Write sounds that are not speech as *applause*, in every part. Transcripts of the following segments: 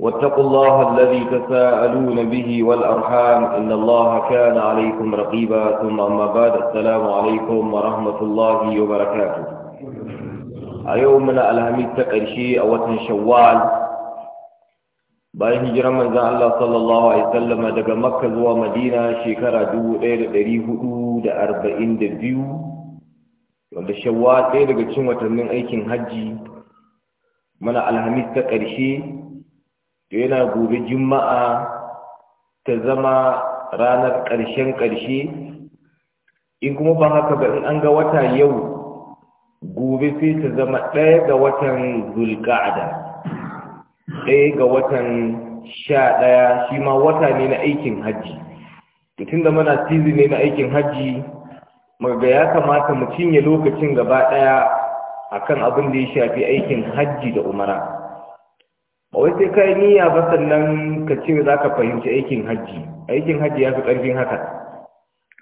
واتقوا الله الذي تساءلون به والأرحام إن الله كان عليكم رقيبا ثم أما بعد السلام عليكم ورحمة الله وبركاته أيومنا الهميد تقرشي أوتن شوال bayan hijirar manzan Allah sallallahu Alaihi sallama daga makka zuwa madina shekara 1442 wanda shawwa ɗaya daga cin watannin aikin hajji mana alhamis ta ƙarshe to yana gobe juma'a ta zama ranar ƙarshen ƙarshe in kuma ba haka ba in an ga wata yau gobe sai ta zama ɗaya ga watan zulka'ada ɗaya ga watan sha ɗaya shi ma wata ne na aikin hajji tun da mana tizi ne na aikin hajji maga ya kamata mu cinye lokacin gaba ɗaya akan abin da ya shafi aikin hajji da umara ba wai sai ka yi niyya ba sannan ka ce za ka fahimci aikin hajji aikin hajji ya fi ƙarfin haka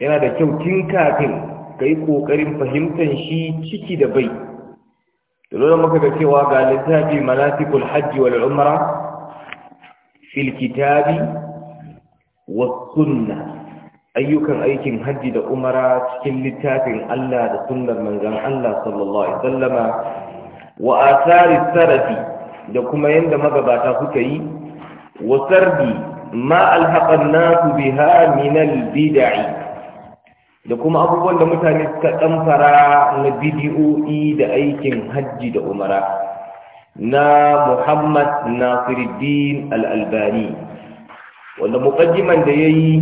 yana da kyau tun kafin ka yi ƙoƙarin fahimtar shi ciki da bai da lura maka cewa ga littafi manasikul hajji wal umra fil kitabi wa sunna ayyukan aikin hajji da umara cikin littafin Allah da sunnar manzon Allah sallallahu alaihi wasallama wa Asari sarafi da kuma yadda magabata suka yi wa sardi ma alhaƙar nasu biha min albid'i da kuma abubuwan da mutane suka damfara na bidiyo'i da aikin hajji da umara na Muhammad Nasiruddin Al-Albani wanda muqaddiman da yayi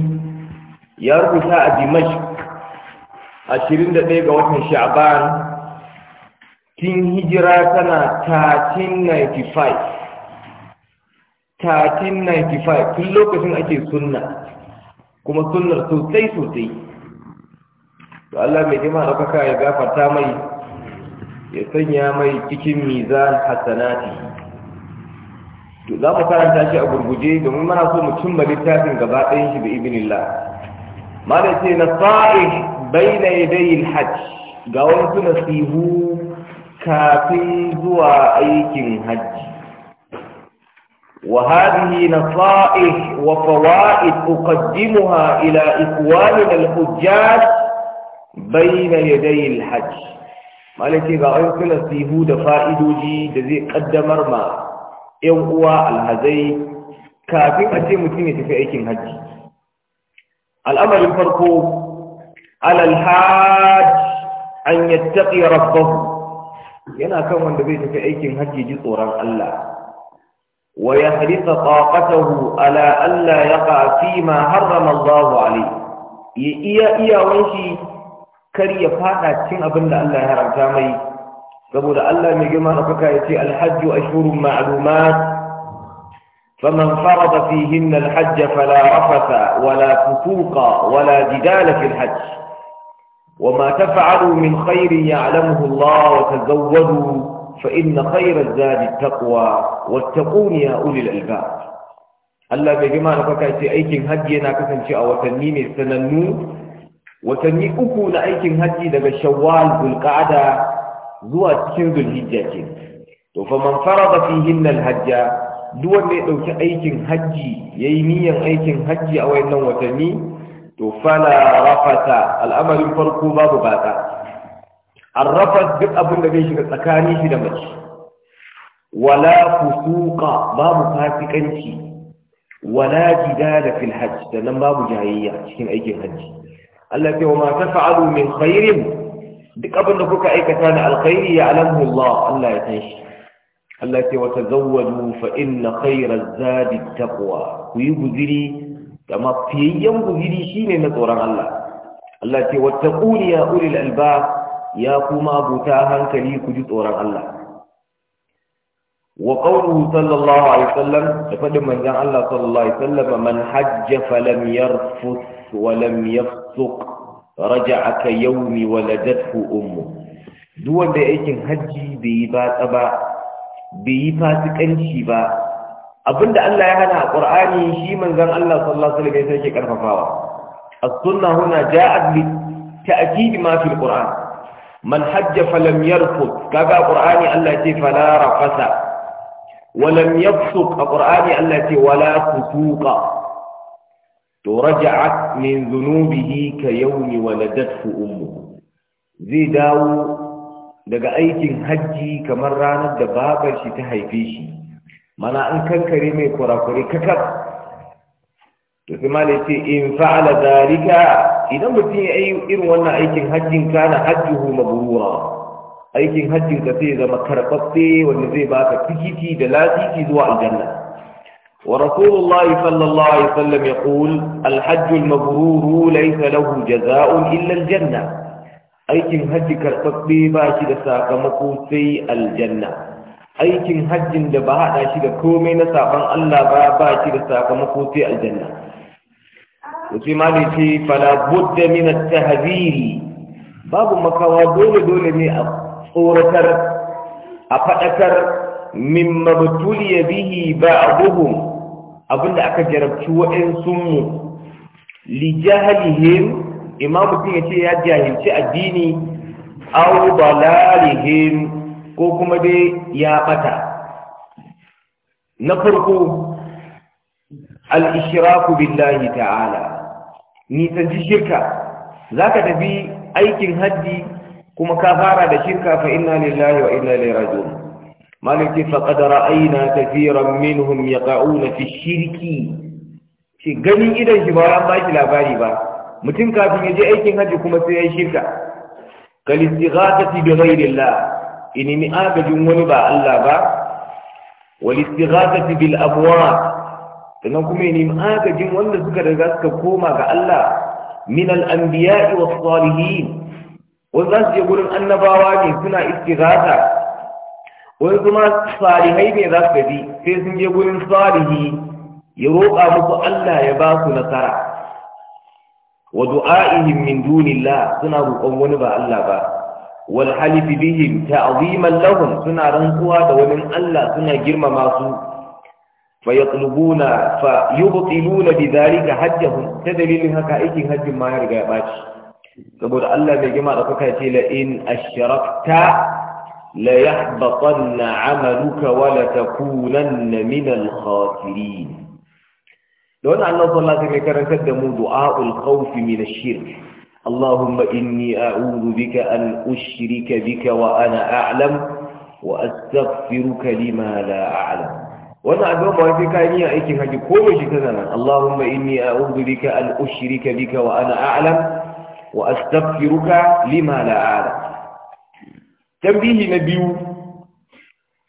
ya rubuta a Dimashq 21 ga watan Sha'ban tun hijira tana 1395 1395 tun lokacin ake sunna kuma sunnar sosai sosai to Allah mai jima ɗaukaka ya gafarta mai ya sanya mai cikin mizan hasanati to za mu karanta shi a gurguje domin mana so mu cimma littafin gaba ɗayan shi da ibinillah mala ce na fa'i bayna yadayi hajj ga wani suna sihu kafin zuwa aikin hajji وهذه نصائح وفوائد أقدمها إلى إخواننا الحجاج بين يدي الحج مالتي غير كلا سيهو دفائدوجي دزي قدمر ما يوقوا الهزي كافي أتي متينة في أيكين هج الأمر الفرق على الحاج أن يتقي ربه yana kan wanda zai tafi aikin hajji ji tsoron Allah wa ya hadisa taqatahu ala alla yaqa fi ma harrama Allah alayhi ya iya iyawan shi kar ya fada cikin abinda Allah ya haramta mai saboda Allah mai girma da fuka yace al-hajj ashhurun ma'lumat فمن فرض فيهن الحج فلا رفث ولا فسوق ولا جدال في الحج وما تفعلوا من خير يعلمه الله وتزودوا فإن خير الزاد التقوى واتقون يا أولي الألباب الله بجماعة فكأتي أيكم هدينا كثم شاء وتنمي من سننو وتنمي أكون أيكم هدي دب الشوال ذو القعدة ذو أتكين ذو الهجة فمن فرض فيهن الهجة دون أيكم هدي يميا أيكم هدي أو أنه وتنمي to fala rafata al'amarin farko babu bata arrafat duk abin da zai shiga tsakani shi da mace wala fusuqa babu fasikanci wala da filhaj da nan babu jayayya cikin aikin hajji Allah ya wa ma tafa'alu min khairin duk abin da kuka aikata da alkhairi ya alamu Allah Allah ya san shi Allah ya wa tazawwadu fa inna khayra zadi taqwa ku yi guziri da mafiyayyen guziri shine na tsoron Allah Allah ce wattaquni ya ulil albab ya kuma buta hankali ku ji tsoron Allah wa qawluhu sallallahu alaihi Sallam da faɗin manzon Allah sallallahu alaihi Sallam man hajja falam yarfus wa lam yafsuq raja'a ka yawmi waladathu ummu duk wanda aikin hajji bai yi ba bai yi fasikanci ba abinda Allah ya hana a Qur'ani shi manzon Allah sallallahu alaihi wasallam yake karfafawa as-sunnah huna ja'at li ta'kid ma fi al-Qur'an man hajja falam yarfud kaga Qur'ani Allah ya ce fala rafasa wa lam yafsuq Qur'ani Allah ya ce wala fusuqa to raja'at min dhunubihi ka yawmi waladathu ummuhu zai dawo daga aikin hajji kamar ranar da babar shi ta haife shi mana an kankare mai kurakuri kakar to sai mala ce, in fa'ala zalika idan mutum ya yi irin wannan aikin hajjin kana hajjuhu mabrura aikin hajjin ka sai zama karɓaɓɓe wanda zai baka tikiti da lasiki zuwa aljanna ورسول الله ya الله عليه وسلم يقول الحج المبرور ليس له جزاء إلا janna. aikin hajji karɓaɓɓe ba shi da sakamako sai aljanna aikin hajjin da ba haɗa shi da komai na saban Allah ba ba shi da sakamako sai aljanna wasu imani ce fala budda min tahziri babu makawa dole dole ne a tsoratar a faɗakar min mabtuliya bihi ba'dhum abinda aka jarabci waɗansu mu li jahlihim imam mutum ya ce ya jahilci addini aw dalalihim ko kuma dai ya ɓata na farko al'ishiraku billahi ta'ala nisanci shirka za ka tafi aikin haddi kuma ka fara da shirka fa inna lillahi wa inna ilaihi raji'un maliki faqad ra'ayna kathiran minhum yaqa'una fi shirki shi ganin idan shi ba ran ba shi labari ba mutum kafin ya je aikin haji kuma sai ya yi shirka kal istighathati bi ghairillah ni agajin wani ba Allah ba wal istighathati bil abwat sannan kuma ni agajin wanda suka riga suka koma ga Allah min al anbiya'i was salihin wanda su je gurin annabawa ne suna istighatha wani kuma salihai ne za su bi sai sun je gurin salihi ya roƙa muku Allah ya ba su nasara wa du'a'ihim min dunillah suna roƙon wani ba Allah ba Walhalifi halifi bihim ta'ziman suna rantsuwa da wani Allah suna girmama su fa yatlubuna fa yubtiluna bidhalika hajjahum ta dalilin haka aikin hajjin ma ya riga ya baci saboda Allah bai gima da kuka ce la in ashrakta la yahbatanna 'amaluka wa la takunanna min al-khasirin don Allah sallallahu alaihi wasallam karantar da mu du'a'ul khawf min ash-shirk اللهم إني أعوذ بك أن أشرك بك وأنا أعلم وأستغفرك لما لا أعلم وانا أدوى ما في كاني أيكي حاجة كومي شكذا اللهم إني أعوذ بك أن أشرك بك وأنا أعلم وأستغفرك لما لا أعلم تنبيه نبي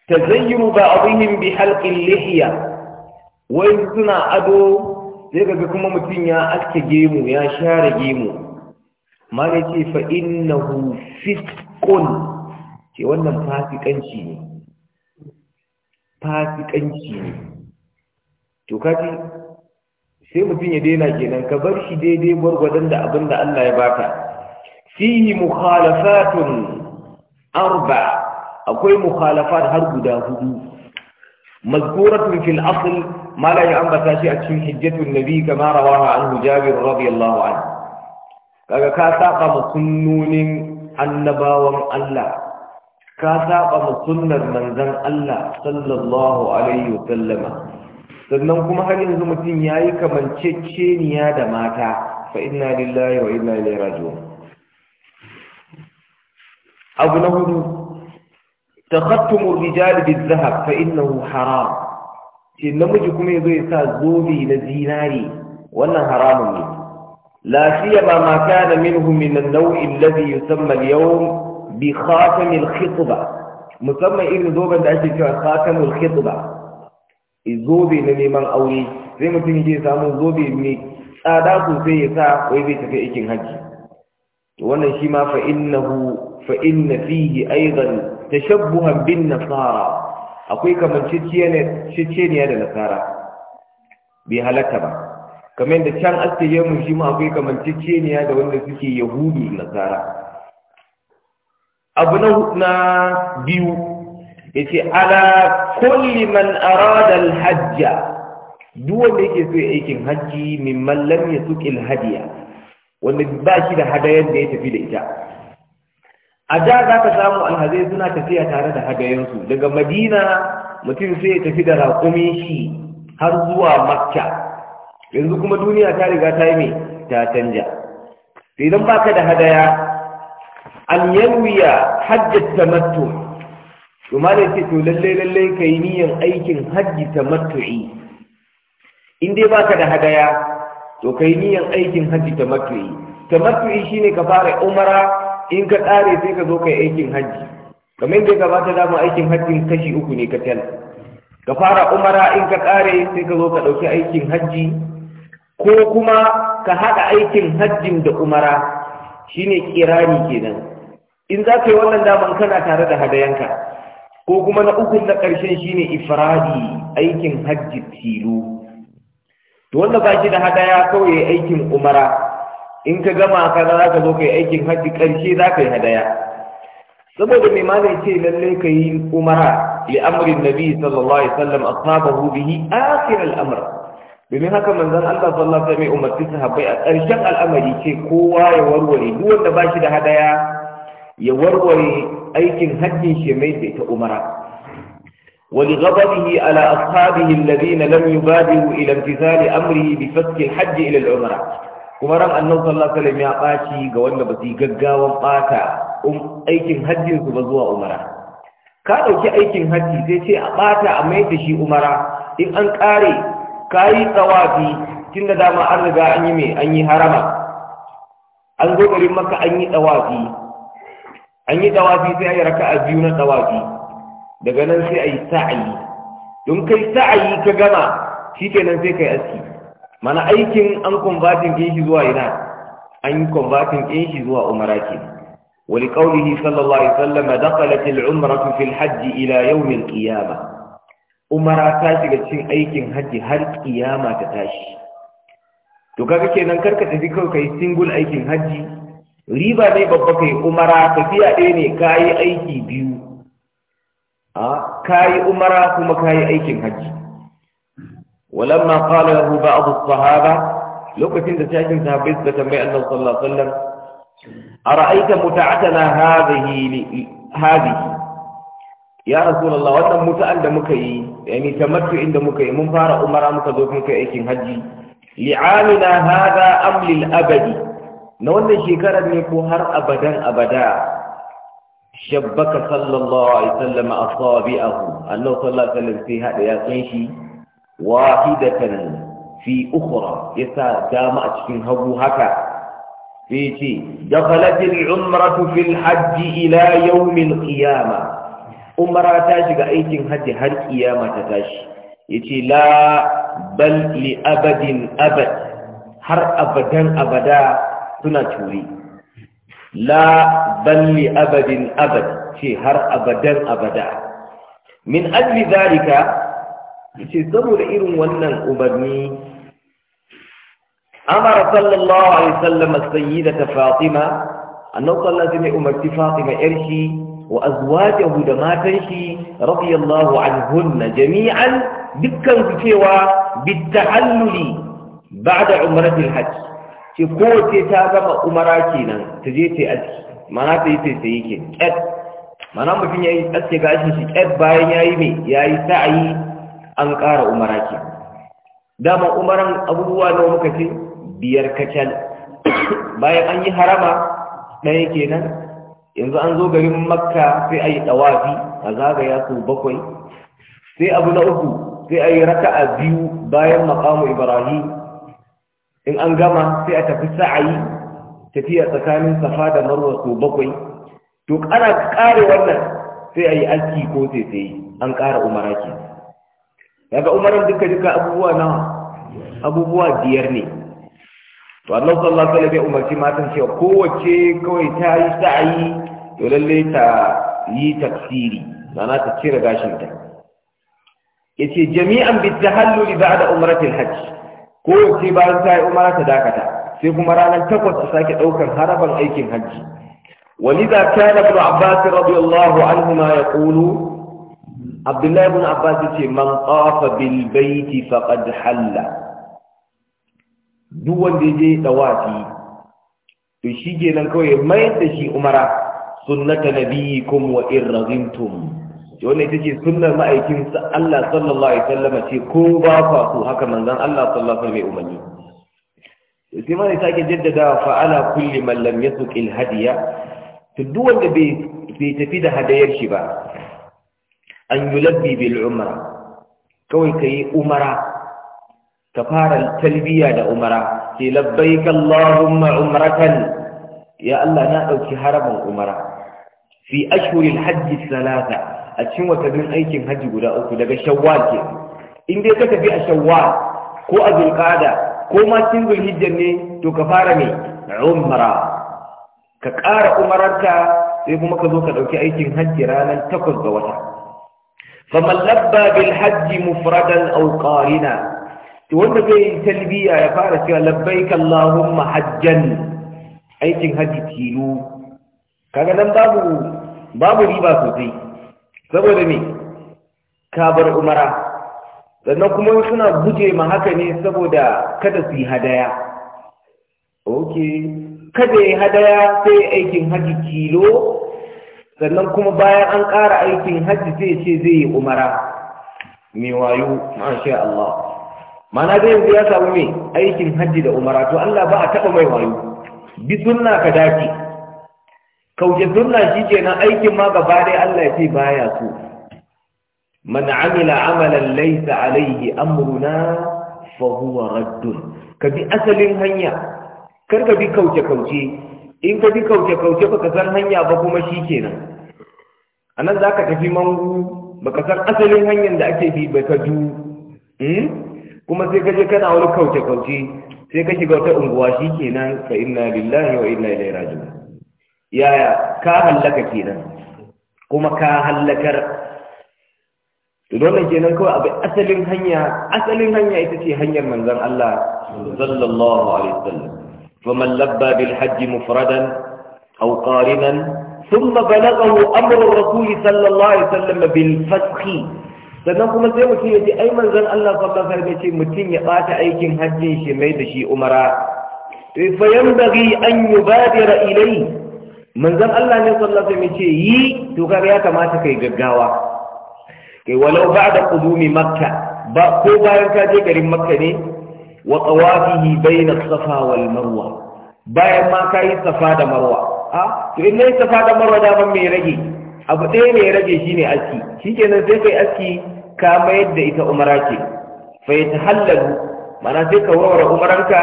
تزين بعضهم بحلق اللحية وإن سنا أدو زي كما متين يا أكتجيمو يا شارجيمو mana ce fa innahu ce wannan fasikanci ne fasikanci ne to kaji sai mutum ya daina kenan ka bar shi daidai gwargwadon da abin da Allah ya baka fihi mukhalafatun arba akwai mukhalafat har guda hudu mazkuratun fil asl ma la ambata shi a cikin hijjatun nabi kama rawaha anhu jabir radiyallahu anhu kaga ka saba mu sunnonin annabawan Allah ka saba mu sunnar manzon Allah sallallahu alaihi wasallam sannan kuma har yanzu mutum yayi kamanceceniya da mata fa inna lillahi wa inna ilaihi raji'un abu na hudu takhattumu rijal bizahab fa innahu haram ce namiji kuma yazo ya sa zobe na zinari wannan haramun ne Lafiya ba ما كان منه من النوع الذي يسمى اليوم irin zoben da ake cewa khatamul khitba zobe na neman aure sai mutum yake samun zobe mai tsada sosai ya sa wai zai tafi aikin hajji wannan shi ma fa innahu fa inna fihi aidan tashabbuhan bin nasara akwai kamanciciyar da nasara bai halarta ba kamar da can astiyamu shi ma akwai kamanceceniya da wanda suke yahudu nasara abu na biyu ya ce ala kulli man arada alhajja duk wanda yake so ya aikin hajji min mallam ya suƙi hadiya wanda ba shi da hadayar da ya tafi da ita a da za ka samu alhazai suna tafiya tare da hadayensu daga madina mutum sai ya tafi da raƙumi shi har zuwa makka yanzu kuma duniya ta riga ta yi mai ta canja idan baka da hadaya an yanwiya ta tamattu to ma ce to lalle lalle kai niyan aikin hajji tamattu'i in dai baka da hadaya to kai niyan aikin hajji tamattu'i tamattu'i shine ka fara umara in ka tsare sai ka zo kai aikin hajji kamar da ya gabata dama aikin hajjin kashi uku ne ka kacal ka fara umara in ka kare sai ka zo ka ɗauki aikin hajji ko kuma ka haɗa aikin hajjin da umara shine ƙirani kenan in za ka yi wannan daman kana tare da hadayanka ko kuma na ukun na ƙarshen ne ifradi aikin hajji tilo to wanda ba shi da hadaya kawai aikin umara in ka gama ka za ka zo ka yi aikin hajji ƙarshe za ka yi hadaya saboda mai malai ce lallai ka yi umara li amrin nabi sallallahu alaihi wasallam ashabahu bihi akhir al-amr domin haka manzan Allah sallallahu alaihi umarci sahabbai a ƙarshen al'amari ce kowa ya warware duk wanda ba shi da hadaya ya warware aikin haddin shi mai sai ta umara wani gabarihi ala ashabihi alladhina lam yubadiru ila imtithali amrihi bi fasli hajji ila umara kuma ran annabi sallallahu ya baci ga wanda ba su gaggawan bata um, aikin hajjinsu ba zuwa umara ka ɗauki aikin hajji sai ce a ɓata a mai da shi umara in an ƙare. ka yi tsawafi tun da dama an riga an yi mai an yi harama an zo garin maka an yi tsawafi an yi tsawafi sai a yi raka a biyu na tsawafi daga nan sai a yi sa'ayi don kai sa'ayi ka gama shi kenan sai ka yi aski mana aikin an kumbatin ɗin shi zuwa ina an yi kumbatin ɗin shi zuwa umara kenan ولقوله صلى الله عليه وسلم دخلت العمرة في الحج إلى يوم القيامة umara ta shiga cikin aikin haji har kiyama ta tashi to kaga kenan karka tafi kawai kai single aikin haji riba ne babba kai umara tafiya ɗaya ne kayi aiki biyu a kayi umara kuma kayi aikin haji walamma qala lahu ba'd as-sahaba lokacin da cikin sahabbai suka tambayi Annabi sallallahu A ra'aita, ara'aita muta'atana hadhihi hadhihi ya rasulallah, wannan mutu'an da muka yi yani tamattu'in da muka yi mun fara umara muka zo kai aikin haji li'amina hada amlil abadi na wannan shekarar ne ko har abadan abada shabbaka sallallahu alaihi wasallam asabi'ahu Allah sallallahu alaihi wasallam sai hada ya san shi wahidatan fi ukhra yasa dama a cikin hagu haka sai ce dakhalat umratu fil hajji ila yawm ƙiyama. qiyamah umara ta shiga aikin hajji har kiyama ta tashi yace la bal li abadin abad har abadan abada suna turi la bal li abadin abad ce har abadan abada min ajli zalika yace saboda irin wannan umarni amara sallallahu alaihi wasallam sayyidata fatima annabi sallallahu alaihi wasallam umarti fatima yarshi wa azwajahu da matan shi radiyallahu anhunna jami'an dukkan su cewa bitahalluli ba'da umratil hajj ce kowace ta gama umara kenan ta je ta yi aski mana ta yi tsaye ke ƙyar mana mutum ya yi aske gashin shi ƙyar bayan ya yi mai ya yi sa'ayi an ƙara umara ke dama umaran abubuwa na muka ce biyar kacal *coughs* bayan an yi harama ɗaya kenan yanzu an zo garin makka sai a yi ɗawafi a zagaya su bakwai sai abu na uku sai a yi raka a biyu bayan makamu ibrahim in an gama sai a tafi sa'ayi tafiya tsakanin safa da marwa su bakwai to ana ƙare wannan sai a yi aski ko sai an ƙara umara ke daga umaran duka duka abubuwa na abubuwa biyar ne to Allah sallallahu alaihi wasallam ya umarci matan cewa kowace kawai ta yi sa'ayi to lalle ta yi tafsiri ma'ana ta cire gashin ta yace jami'an bi tahallul ba'da umratil hajj kowace bayan ta yi umara ta dakata sai kuma ranar takwas ta sake daukar harabar aikin hajji ولذا كان ابن عباس رضي الله عنهما يقول عبد الله بن عباس من طاف بالبيت فقد حلّ duk wanda ya je dawafi to shi kenan kawai mai da shi umara sunnata nabiyikum wa in razimtum wannan ita ce sunnar ma'aikin Allah sallallahu alaihi wasallam ce ko ba fa ku haka manzon Allah sallallahu alaihi wasallam umarni sai ma sai jaddada fa ala kulli man lam yasuq al hadiya to duk wanda bai bai tafi da hadayar shi ba an yulabbi bil umra kawai kai umara ka fara talbiya da umara ce labbaik Allahumma umratan ya Allah na ɗauki haramin umara fi ashhuril hajji salata a cikin watannin aikin hajji guda uku daga shawwal ke in dai ka tafi a shawwal ko a zulqada ko ma cikin zulhijja ne to ka fara me umara. ka ƙara umararka sai kuma ka zo ka ɗauki aikin hajji ranar takwas ga wata faman labba bil hajji mufradan aw wanda zai yi talbiya ya fara cewa labbaik Allahumma hajjan aikin haji tilo kaga nan babu babu riba sosai saboda me ka bar umara sannan kuma suna guje ma haka ne saboda kada su yi hadaya okay kada yi hadaya sai aikin haji tilo sannan kuma bayan an ƙara aikin haji sai ce zai yi umara mai wayo ma'ashe Allah mana zai yanzu ya samu mai aikin hajji da umara to Allah ba a taɓa mai wayo bi sunna ka dace kauce sunna shi kenan aikin ma gaba dai Allah ya ce baya so man amila amalan laysa alaihi amruna fa huwa radd ka bi asalin hanya kar ka bi kauce kauce in ka bi kauce kauce baka san hanya ba kuma shi kenan anan zaka tafi mangu baka san asalin hanyar da ake bi baka ju kuma sai kaje kana wani kauce kauce sai ka shiga wata unguwa shi kenan fa inna lillahi wa inna ilaihi raji'un yaya ka halaka kenan kuma ka halakar to dole kenan kawai abin asalin hanya asalin hanya ita ce hanyar manzon Allah sallallahu alaihi wasallam faman labba bil hajj mufradan aw qarinan ثم بلغه امر الرسول صلى الله عليه وسلم بالفسخ sannan kuma sai mutum ya ce ai manzon Allah sallallahu alaihi wasallam ce mutum ya bata aikin hajjin shi mai da shi umara fa yanbaghi an yubadira ilai manzon Allah ne sallallahu alaihi wasallam ce yi to kaga ya kamata kai gaggawa kai walau ba'da qudumi makka ba ko bayan ka je garin makka ne wa tawafihi bayna safa wal marwa bayan ma kai safa da marwa a to in nayi safa da marwa da ban me rage abu ɗaya ne ya rage shine aski kenan sai kai aski ka mayar da ita umara ce ta hallabu mana sai ka warware umaranka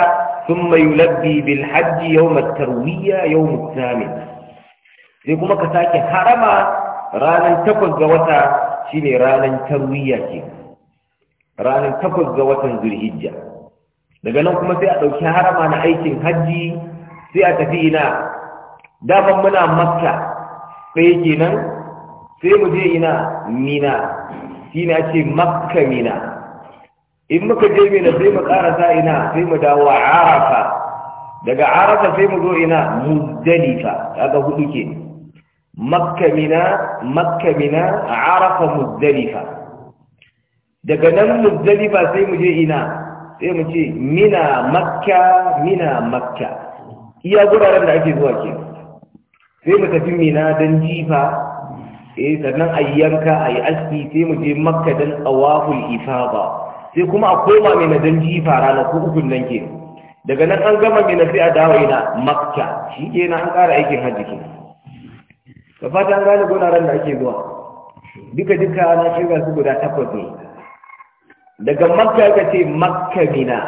sun yulabbi bil hajji yau at-tarwiyya yau sai kuma ka sake harama ranar takwas ga wata shine ranar tarwiyya ce ranar takwas ga watan zulhijja daga nan kuma sai a ɗauki harama na aikin hajji sai a tafi ina daman muna makka ɗaya kenan sai mu je ina mina shi ne ce makka mina in muka je mina sai mu karasa ina sai mu dawo arafa daga arafa sai mu zo ina muzdalifa kaga hudu ke makka mina makka mina arafa muzdalifa daga nan muzdalifa sai mu je ina sai mu ce mina makka mina makka iya guraren da ake zuwa ke sai mu tafi mina don jifa eh sannan a yi yanka a aski sai mu je makka dan awaful ifaba sai kuma a koma mai na don jifa rana ko ukun nan ke daga nan an gama mai na sai a dawo ina makka shi ke na an ƙara aikin hajji ke Ka fata an gane ran da ake zuwa duka duka na shirya su guda takwas ne daga makka ka ce makka mina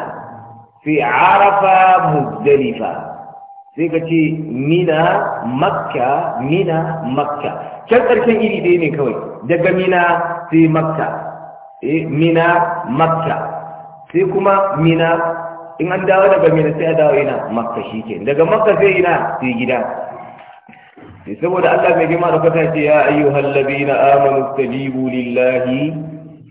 sai arafa muzdalifa sai ka ce mina makka mina makka can ƙarshen iri ɗaya ne kawai daga mina sai makka eh, mina makka sai kuma mina in an dawo daga mina sai a dawo ina makka shi ke daga makka sai ina sai gida eh, saboda Allah mai girma da kwata ce ya hallabi na amanu tajibu lillahi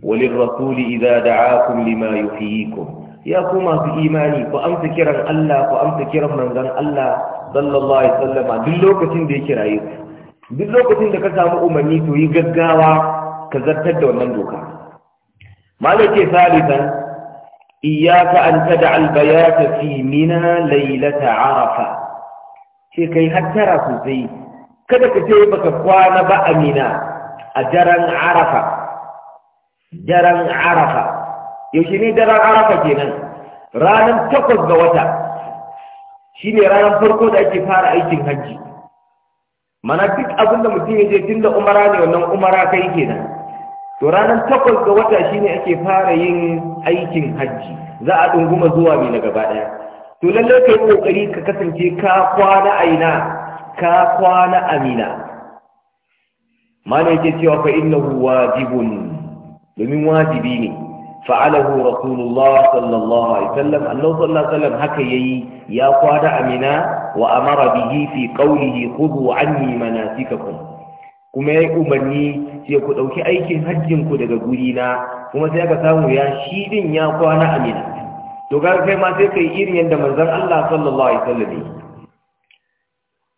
walirrasuli idza da'akum lima yuhyikum ya ku masu imani ku amsa kiran Allah ku amsa kiran manzon Allah sallallahu alaihi wasallama duk lokacin da ya kiraye duk lokacin da ka samu umarni to yi gaggawa ka zartar da wannan doka malai salisan iyyaka an tada albayata fi mina Laylata arafa ce kai hattara sosai kada ka ce baka kwana ba amina a daren arafa daren arafa yaushe ne daren arafa kenan ranar takwas ga wata shi ne ranar farko da ake fara aikin hajji mana duk abin da mutum ya je tun da umara ne wannan umara kai kenan to ranar takwas ga wata shi ne ake fara yin aikin hajji za a ɗunguma zuwa mai na gaba ɗaya to lallai ka yi ƙoƙari ka kasance ka kwana aina ka kwana amina mana yake cewa fa innahu wajibun domin wajibi ne fa'alahu rasulullah sallallahu alaihi wasallam annabi sallallahu alaihi wasallam haka yayi ya kwada amina wa amara bihi fi qawlihi khudhu anni manasikakum kuma yayi umarni sai ku dauki aikin hajjin ku daga guri kuma sai aka samu ya shi din ya kwana amina to ga kai ma sai kai irin yanda manzon Allah sallallahu alaihi wasallam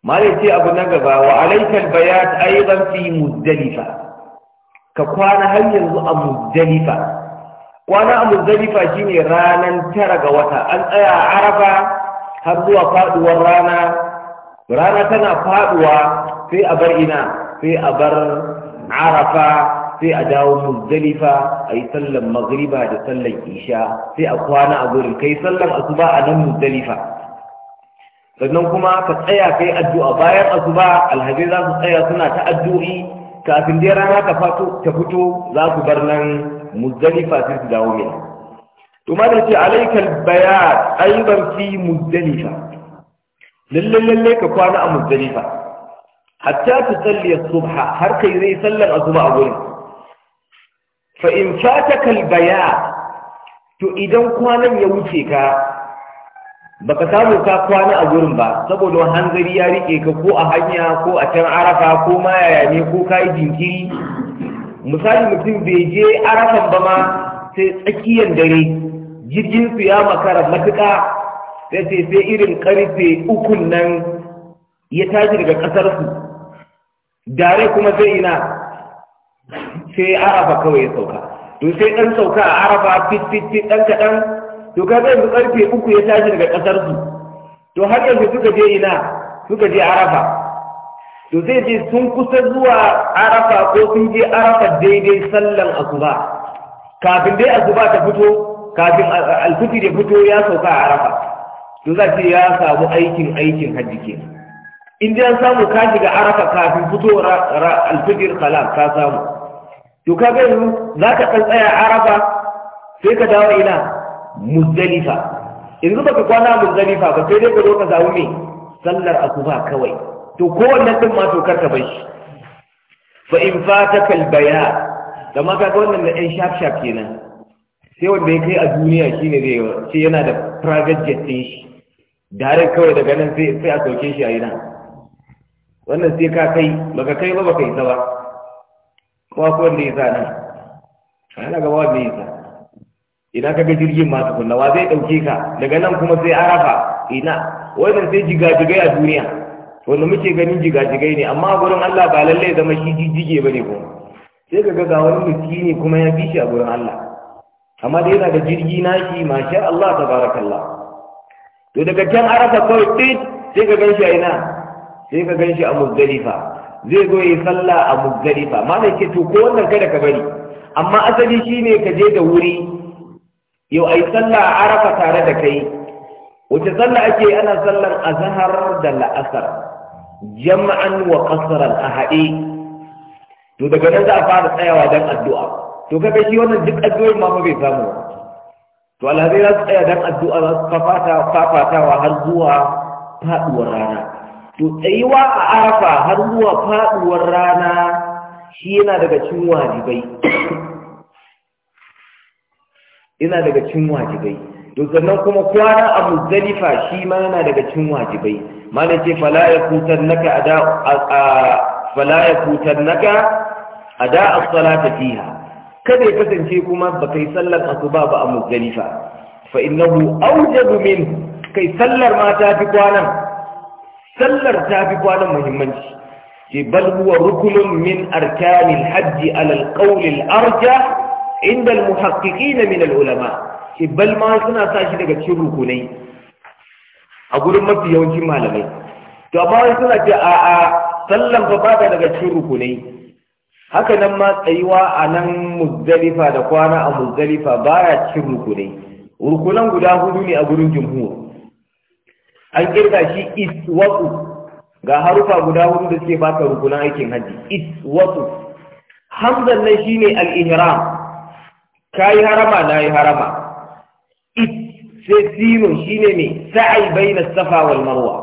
malai ce abu na gaba wa alaikal bayat aidan fi muzdalifa ka kwana har yanzu a muzdalifa kwana a muzdalifa shine ranan tara ga wata an tsaya a arafa har zuwa faduwar rana rana tana faduwa sai a bar ina sai a bar arafa sai a dawo muzdalifa a yi sallan magriba da sallan isha sai a kwana a gurin kai sallan asuba a nan muzdalifa sannan kuma ka tsaya yi addu'a bayan asuba alhaji za su tsaya suna ta addu'i kafin dai rana ta fito za su bar nan muzdalifa sai su dawo mina to ma da ce alaikal bayan aiban fi muzdalifa Lallai lallai ka kwana a muzdalifa hatta ta tsalliya subha har kai zai sallar azuma a gurin fa in fataka albaya to idan kwanan ya wuce ka baka samu ka kwana a gurin ba saboda hanzari ya rike ka ko a hanya ko a can arafa ko ma yaya ne ko kai jinkiri misali mutum bai je arafan ba ma sai tsakiyar dare jirgin su ya makara matuƙa sai sai sai irin karfe ukun nan ya tashi daga ƙasar su dare kuma sai ina sai arafa kawai ya sauka to sai ɗan sauka a arafa fit fit fit ɗan kaɗan to ka zai karfe uku ya tashi daga ƙasar su to har yanzu suka je ina suka je arafa to zai je sun kusa zuwa arafa ko sun je arafa daidai sallan asuba kafin dai asuba ta fito kafin alfiti da fito ya sauka a arafa to za ce ya samu aikin aikin hajji ke in ya an samu ka shiga arafa kafin fito alfitir kalam ka samu to ka ga yanzu za ka ɗan tsaya arafa sai ka dawo ina muzdalifa yanzu baka kwana muzdalifa ba sai dai ka zo ka samu me sallar asuba kawai to kowanne ɗin ma to karka bai shi fa in fataka kal baya da maka ga wannan da ɗan shaf shaf kenan sai wanda ya kai a duniya shine zai ce yana da private jet ɗin shi dare kawai daga nan sai sai a sauke shi a ina wannan sai ka kai baka kai ba baka isa ba ko ko wanda sa nan ana gaba wanda isa idan ka ga jirgin masu kunna wa zai ɗauke ka daga nan kuma sai arafa ina wannan sai jiga-jigai a duniya wanda muke ganin jigajigai ne amma gurin Allah ba lallai zama shi jijjige ba ne kuma sai ka ga wani ne kuma ya fi shi a gurin Allah amma dai yana da jirgi nashi masha Allah tabarakallah to daga can arafa kawai tit sai ka gan shi a ina sai ka gan shi a muzdalifa zai zo yi sallah a muzdalifa malai ce to ko wannan kada ka bari amma asali shine ka je da wuri yau ai sallah a arafa tare da kai wace sallah ake ana sallar azhar da la'asar jama'an wa kasaran a haɗe to daga nan za a fara tsayawa don addu'a to kaga shi wannan duk addu'ar ma bai samu ba to alhazai za su tsaya don addu'a za su fafatawa har zuwa faɗuwar rana to tsayuwa a arafa har zuwa faɗuwar rana shi yana daga cin wajibai *coughs* yana daga cin wajibai to sannan kuma kwana a muzdalifa shi ma yana daga cin wajibai mana ce fala ya naka a fala salata kada ya kasance kuma ba kai sallar asuba ba a muzdalifa fa innahu awjabu min kai sallar ma ta fi kwanan sallar ta fi kwanan muhimmanci ce bal min arkanil hajji alal alqawl arja inda al na min al'ulama, ulama ce suna sa shi daga cikin rukunai a gurin mafi yawancin malamai to amma wani suna ce a a sallan fa ba ta daga cikin rukunai haka nan ma tsayuwa a nan muzdalifa da kwana a muzdalifa ba ya cikin rukunai rukunan guda hudu ne a gurin jumhur an kirga shi iswatu ga harufa guda hudu da suke baka rukunan aikin hajji iswatu hamzan nan shine al-ihram kai harama nayi harama sai sinun shi ne mai sa'ai bai na safa wal marwa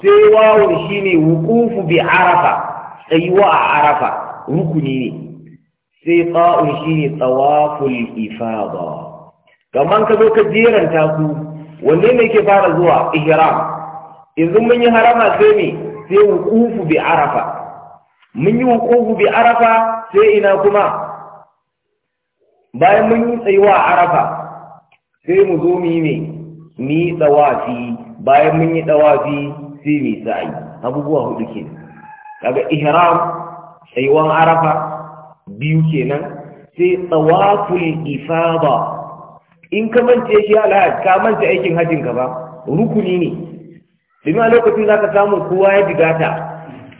sai wawon shi ne wukufu bi arafa tsayuwa a arafa rukuni ne sai tsawon shi ne tsawaful ifada kamar ka zo ka jeranta taku. wanne ne ke fara zuwa ihram yanzu mun yi harama sai ne sai wukufu bi arafa mun yi wukufu bi arafa sai ina kuma bayan mun yi tsayuwa a arafa sai mu zo mu yi ne ni tsawafi bayan mun yi tsawafi sai mu sa'i abubuwa hudu ke kaga ihram tsayuwan arafa biyu kenan sai tsawaful ifada in ka mance shi alhaji ka mance aikin hajjin ka ba rukuni ne domin a lokacin za ka samu kowa ya jigata.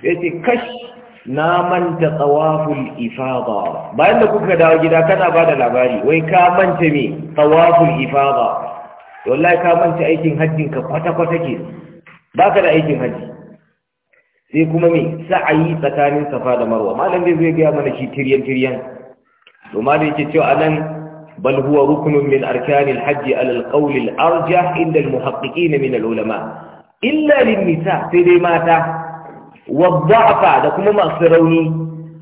ya ce kashi na manta tsawaful ifada bayan da kuka dawo gida kana ba da labari wai ka manta me tsawaful ifada wallahi ka manta aikin hajjinka kwata-kwata ke baka da aikin hajji sai kuma me sa'ayi tsakanin safa da marwa malam zai zai gaya mana shi tiryan tiryan to malam yake cewa anan bal huwa ruknun min arkanil hajji alal qawli al arjah inda al muhaqqiqin min al ulama illa lin nisa sai dai mata waddafa da kuma masu rauni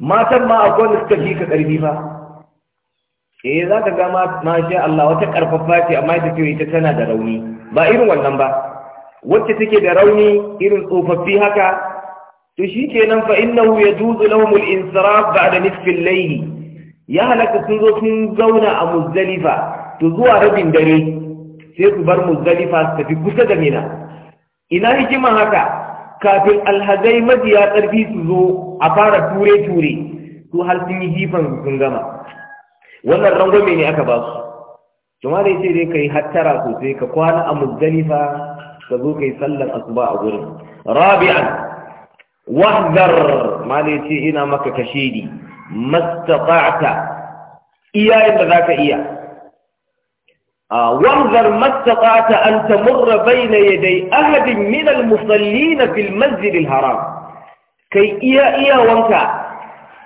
matan ma akwai da suka fi ka karfi ba eh za ka ga masha Allah wata karfafa ce amma ita ce ita tana da rauni ba irin wannan ba wacce take da rauni irin tsofaffi haka to shi kenan fa in na lahum al-insiraf ba'da nisfi al-layl ya halaka sun zo sun zauna a muzdalifa to zuwa rabin dare sai su bar muzdalifa su tafi kusa da mina ina hikima haka kafin alhazai majiya ƙarfi su zo a fara ture-ture su har sun yi hifan sun gama wannan rangwame ne aka ba su jama'a da ce dai ka yi hattara sosai ka kwana a muzdalifa ka zo ka yi sallar asuba a gurin rabi'an wahzar ma da ce ina maka kashedi mastata'ata iya yadda za ka iya وانظر ما استطعت أن تمر بين يدي أحد من المصلين في المسجد الحرام كي إيا إيا وانكا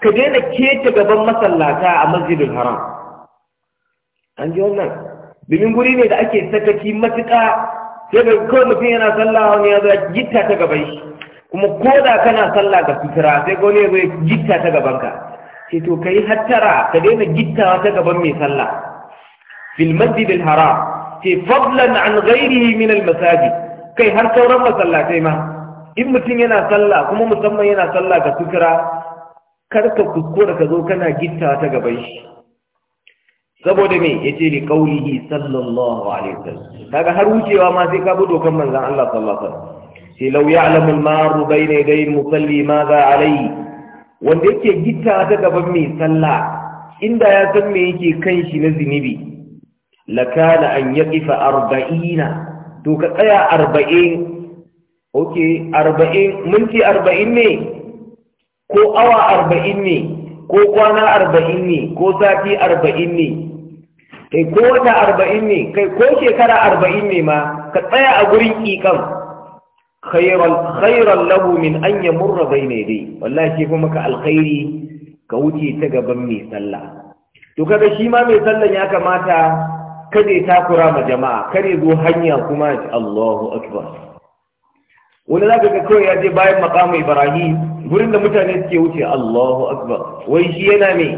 كدين كيتا قبل مسلاتا مسجد الحرام أنجي والله domin guri ne da ake sakaci matuƙa sai da kawai mutum yana sallah wani ya zai ta kuma ko da kana sallah ga fitira, sai gone ya zai gitta ta gabanka Sai to kai hattara ka daina gittawa ta gaban mai sallah في المسجد الحرام كي فضلا عن غيره من المساجد كي هل سورة صلى تيما إن متين ينا صلى كما مسمى ينا صلى كتكرا كرك كذكورة كذوكنا جدتا تقبيش saboda me ya ce ne kaulihi sallallahu alaihi wasallam daga har wucewa ma sai ka dokar kan manzon Allah sallallahu alaihi wasallam sai law ya'lamu al-maru bayna yaday musalli ma za alai wanda yake gita ta gaban mai sallah inda ya san me yake kan shi na zinubi lakana an yaqifa arba'ina to ka tsaya arba'in ok arba'in minti arba'in ne ko awa arba'in ne ko kwana arba'in ne ko sati arba'in ne kai ko wata arba'in ne kai ko shekara arba'in ne ma ka tsaya a gurin ƙiƙan khairan lahu min an ya murra bai ne dai wallahi kuma ka alkhairi ka wuce ta gaban mai sallah to kaga shi ma mai sallah ya kamata kada ya takura ma jama'a kada ya zo hanya kuma ya ce Allahu akbar wani zaka ga kawai ya je bayan maqamu Ibrahim gurin da mutane suke wuce Allahu akbar wai shi yana me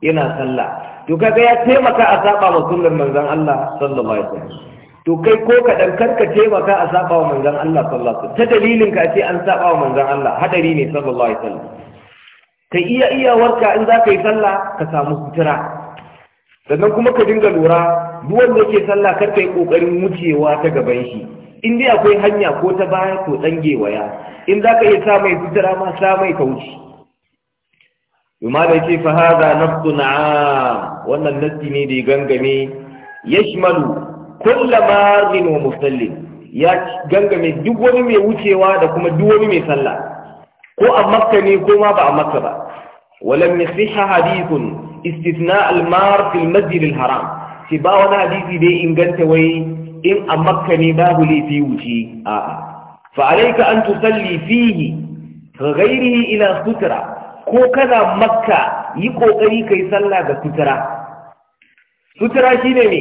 yana sallah to kaga ya taimaka a saba wa sunnar manzon Allah sallallahu alaihi wasallam to kai ko ka dan karka taimaka a saba wa manzon Allah sallallahu alaihi wasallam ta dalilin ka ce an saba wa manzon Allah hadari ne sallallahu alaihi wasallam ka iya iyawarka in za ka yi sallah ka samu sutura sannan kuma ka dinga lura duk wanda yake sallah kar kai kokarin wucewa ta gaban shi in dai akwai hanya ko ta baya ko tsange waya in za ka iya sa mai fitira ma sa mai ka wuce da ce fa hada nafsun am wannan nasti ne da gangame yashmalu kull marzin wa musallin ya gangame duk wani mai wucewa da kuma duk wani mai sallah ko a makka ne ko ma ba a makka ba walam yasiha hadithun istitna almar fil masjid haram ce ba wani hadisi dai inganta wai in a makka ne babu laifi wuce a fa alayka an tusalli fihi ka ila sutra ko kana makka yi kokari kai sallah ga sutura sutura shine ne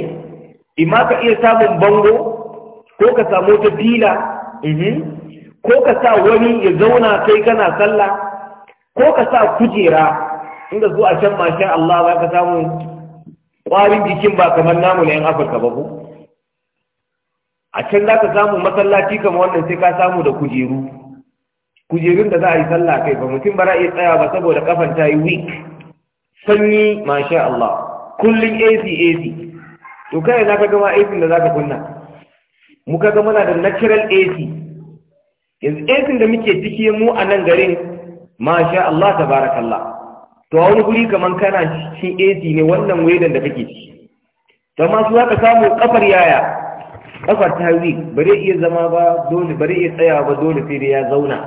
imma ka iya samun bango ko ka samu ta fila mhm, ko ka sa wani ya zauna kai kana sallah ko ka sa kujera inda zuwa a can masha Allah ba ka samu ƙwarin jikin ba kamar namu na 'yan Afirka ba ku? a can za ka samu masallaci kamar wannan sai ka samu da kujeru kujerun da za a yi sallah kai ba mutum ba iya tsaya ba saboda kafan ta yi weak sanyi masha Allah kullum AC AC to kai za ka gama AC da za ka kunna muka ga muna da natural AC yanzu AC da muke ciki mu a nan garin masha Allah ta Allah. to a wani guri kamar kana cikin AC ne wannan wedan da kake ciki to amma su zaka samu kafar yaya kafar ta wi bare iya zama ba dole bare iya tsaya ba dole sai da ya zauna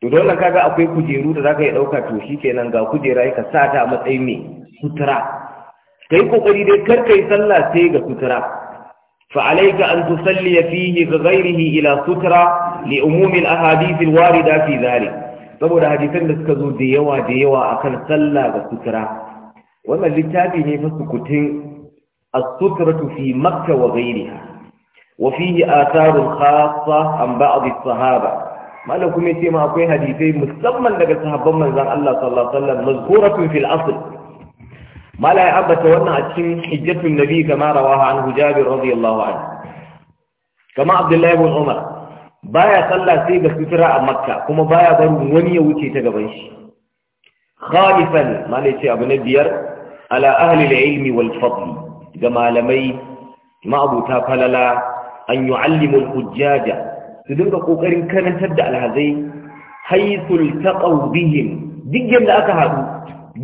to dole kaga akwai kujeru da zaka yi dauka to kenan ga kujera ka sa ta a matsayin me sutura kai kokari dai kar kai sallah sai ga sutura fa alayka an tusalli fihi ka ila sutra li umumi al ahadith al warida fi dhalik saboda hadisan da suka zo da yawa da yawa akan sallah da sutura wannan littafi ne fa sukutin as-sutratu fi makka wa ghayriha wa fihi atharun khassa an ba'd as-sahaba mallan kuma yace ma akwai hadisai musamman daga sahabban manzon Allah sallallahu alaihi wasallam mazkuratun fil asl mala ya abata wannan a cikin hijjatul nabi kama rawaha anhu jabir radiyallahu anhu kama abdullahi ibn umar baya sallah sai ga sutura a makka kuma baya barin wani ya wuce ta gaban shi khalifan malai ce abu na biyar ala ahli ilmi wal fadli ga malamai ma'abuta falala an yu'allimu al-hujjaja su dinga kokarin karantar da alhazai haythul taqaw bihim duk yanda aka haɗu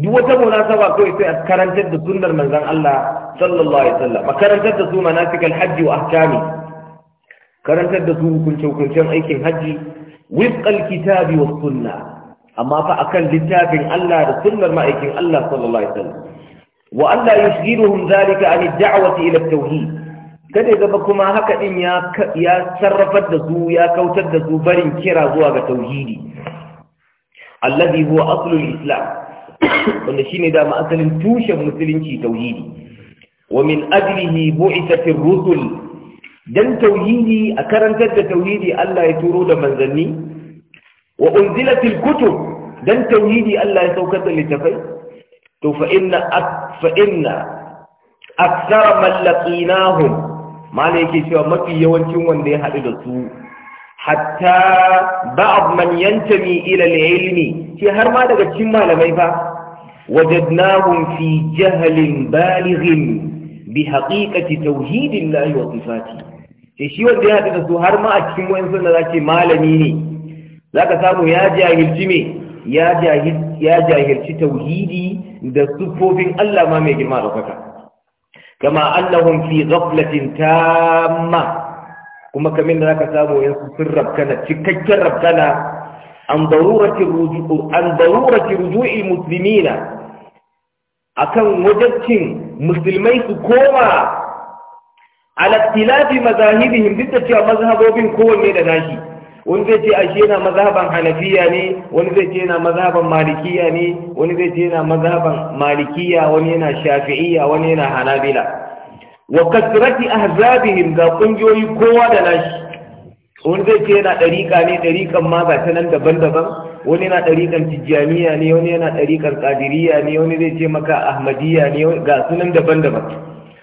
duk wata munasaba kawai sai a karantar da sunnar manzon Allah sallallahu alaihi wasallam a karantar da su manasikal hajji wa ahkami karantar da su hukunce-hukuncen aikin hajji wifqal kitabi was sunna amma fa akan littafin Allah da sunnar ma'aikin Allah sallallahu alaihi wasallam wa Allah yushghiluhum dhalika an ad-da'wati ila at-tauhid kada gaba kuma haka din ya ya sarrafar da su ya kautar da su barin kira zuwa ga tauhidi alladhi huwa aslul islam wanda shine da ma asalin tushen musulunci tauhidi wa min ajlihi bu'itha ar-rusul dan tauhidi a karantar da tauhidi Allah ya turo da manzanni wa unzilatil kutub dan tauhidi Allah ya saukar da littafai to fa inna fa inna akthar man laqinahum yake cewa mafi yawancin wanda ya haɗu da su hatta ba'd man yantami ila al-ilmi shi har ma daga cikin malamai fa wajadnahum fi jahlin balighin bi haqiqati tauhidillahi wa sifati sai shi wanda ya haɗu su har ma a cikin wayan sunna zaki malami ne zaka samu ya jahilci me ya jahil ya jahilci tauhidi da sufofin Allah ma mai girma da kwata kama annahum fi ghaflatin tamma kuma kamin da zaka samu yansu sun rabkana cikakken rabkana an darurati ruju'i an darurati ruju'i muslimina akan wajaccin musulmai su koma alaktilafi mazahibihim duk da cewa mazhabobin kowanne da nashi wani zai ce ashe yana mazhaban hanafiya ne wani zai ce yana mazhaban malikiya ne wani zai ce yana mazhaban malikiya wani yana shafi'iyya wani yana hanabila wa kasrati ahzabihim ga kungiyoyi kowa da nashi wani zai ce yana dariƙa ne dariƙan ma ga ta nan daban-daban wani yana ɗariƙar tijjaniya ne wani yana ɗariƙar ƙadiriya ne wani zai ce maka ahmadiyya ne ga sunan daban-daban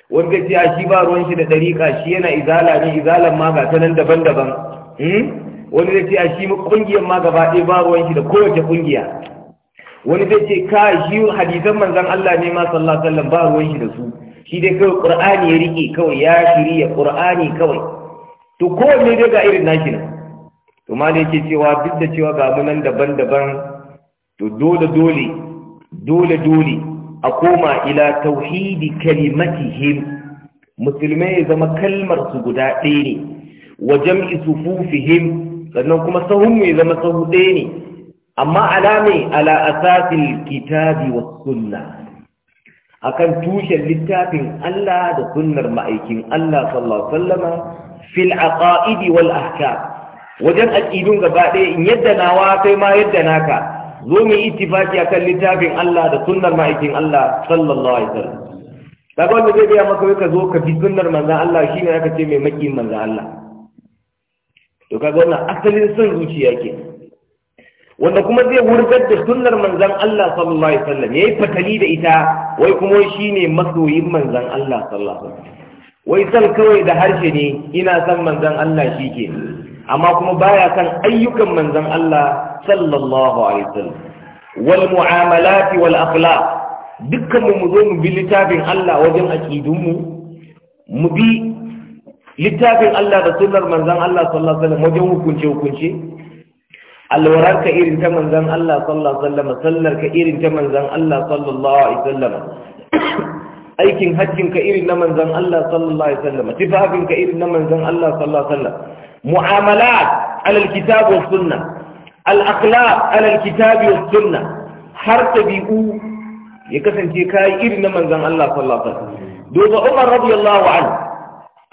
wani zai ce a shi ba ruwan shi da ɗariƙa shi yana izala ne izalan ma ga sunan daban-daban hmm? wani zai ce a shi ƙungiyar ma gaba ɗaya ba ruwan shi da kowace ƙungiya wani zai ce ka shi hadisan manzan Allah ne ma sallallahu alaihi wasallam ba ruwan shi da su shi dai kawai ƙur'ani ya rike kawai ya shirya ƙur'ani kawai to kowanne dai ga irin nashi nan to ma yake cewa duk da cewa ga nan daban-daban to dole dole dole dole a koma ila tauhidi kalimatihim musulmai ya zama kalmar su guda ɗaya ne wa jam'i sufufihim sannan kuma sahun ya zama sahu ɗaya ne amma alame ala asasin kitabi wa sunna akan tushen littafin Allah da sunnar ma'aikin Allah sallallahu alaihi wasallama fil aqaidi wal ahkam wajen aƙidun gaba ɗaya in yadda nawa kai ma yadda naka zo mu ittifaki akan littafin Allah da sunnar ma'aikin Allah sallallahu alaihi wasallam kaga wanda zai gaya maka ka zo ka bi sunnar manzon Allah shine aka ce mai maki manzon Allah to kaga wannan asalin son zuciya ke wanda kuma zai wurgar da sunnar manzon Allah sallallahu alaihi wasallam yayi fatali da ita wai kuma shine masoyin manzon Allah sallallahu alaihi wasallam wai sal kawai da harshe ne ina son manzon Allah shi ke. amma kuma baya kan ayyukan manzan Allah sallallahu alaihi wasallam wal mu'amalat wal akhlaq dukkan mu zo mu bi littafin Allah wajen aqidun mu mu bi littafin Allah da sunnar manzan Allah sallallahu alaihi wasallam wajen hukunce hukunce alwarar ka irin ta manzan Allah sallallahu alaihi wasallam ka irin ta manzan Allah sallallahu alaihi wasallam aikin hajjinka irin na manzan Allah sallallahu alaihi wasallam tufafinka irin na manzan Allah sallallahu alaihi wasallam mu'amalat alal kitab was sunna al akhlaq alal kitab was sunna har tabi'u ya kasance kai irin na manzan Allah sallallahu alaihi wasallam dogo Umar radiyallahu anhu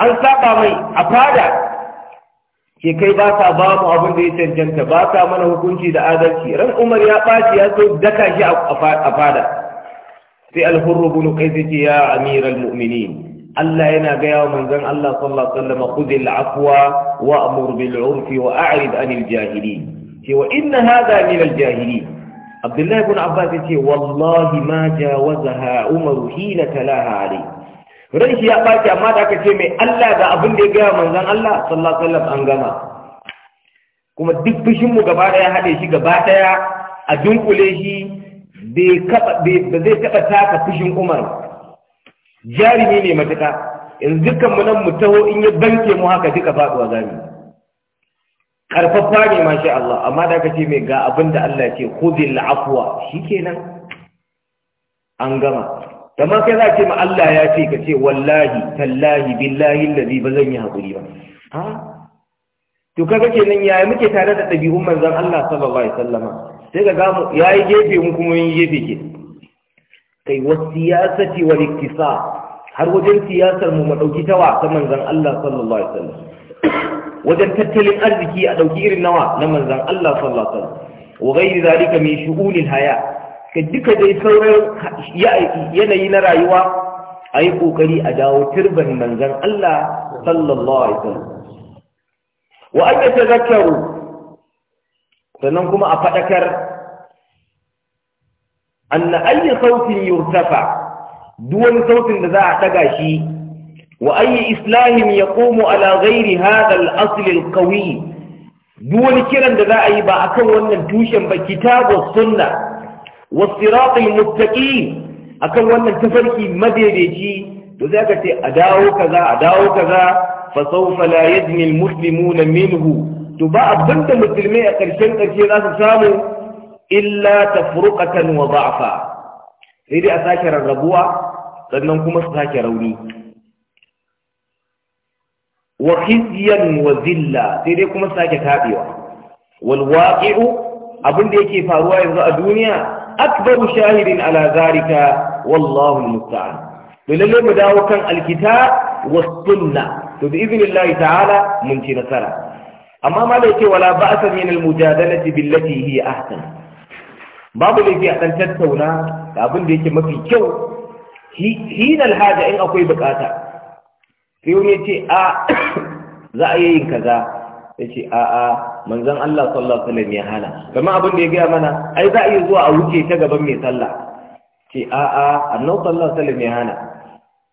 an saba mai a fada ke kai ba ta ba mu abin da ya cancanta ba ta mana hukunci da adalci ran Umar ya ɓaci ya so daka shi a fada sai alhurru bin qais ce ya amiral mu'minin Allah yana gaya wa manzon Allah sallallahu alaihi wasallam khudhil afwa wa'mur bil 'urfi wa a'rid 'anil jahilin cewa inna hadha min al jahilin Abdullah ibn Abbas yace wallahi ma jawazaha Umar hina talaha alai ran shi ya baki amma da aka ce mai Allah da abin da ya gaya manzon Allah sallallahu alaihi wasallam an gama kuma duk fushin mu gaba daya hade shi gaba daya a dunkule shi ba zai taɓa taka fushin umar jarumi ne matuka yanzu dukkan mu nan mu taho in ya banke mu haka duka faɗuwa zami karfafa ne mashi Allah amma da aka ce mai ga abin da Allah ce khudhil afwa shikenan an gama kamar kai za ce ma Allah ya ce ka ce wallahi tallahi billahi allazi ba zan yi hakuri ba to kaga kenan yaya muke tare da ɗabi'un manzon Allah sallallahu alaihi wasallama sai ka ga ya yi gefe mu kuma yin gefe ke kai wa siyasati wa iktisa har wajen siyasar mu mu dauki tawa ta manzon Allah sallallahu alaihi wasallam wajen tattalin arziki a dauki irin nawa na manzon Allah sallallahu alaihi wasallam wa ghairi zalika min shu'unil haya ka duka dai sauran yanayi na rayuwa a yi kokari a dawo turban manzon Allah sallallahu alaihi wasallam wa an yatazakkaru sannan kuma a faɗakar na ayyi sautin yurtafa duwani sautin da za a ɗaga shi wa ayi islahin ya ala ghairi hadha al ƙauyi Duwani kiran da za a yi ba akan wannan tushen ba kitabu sunna والصراط المتقين akan wannan tafarki madaidaici to za ka ce a dawo kaza a dawo kaza fa sawfa la yajni almuslimuna minhu to ba abin da musulmai a ƙarshen ƙarshe za su samu illa tafruqatan wa sai dai a sake rarrabuwa sannan kuma su sake rauni wa khizyan wa zilla sai dai kuma sake tabewa wal waqi'u abin da yake faruwa yanzu a duniya akbaru shahidin ala zalika wallahu almusta'an to lalle mu dawo kan alkitab was sunna to bi idnillahi ta'ala mun ci nasara amma ma da yake wala ba'sa min al-mujadalati billati hi ahsan babu laifi a dan tattauna da abin da yake mafi kyau hina al-haja in akwai bukata sai wani ce a *coughs* za a yi kaza ce a a manzon Allah sallallahu alaihi wasallam ya hana kuma abin da ya gaya mana ai za a yi zuwa a wuce ta gaban mai sallah ce a a annabi sallallahu alaihi wasallam ya hana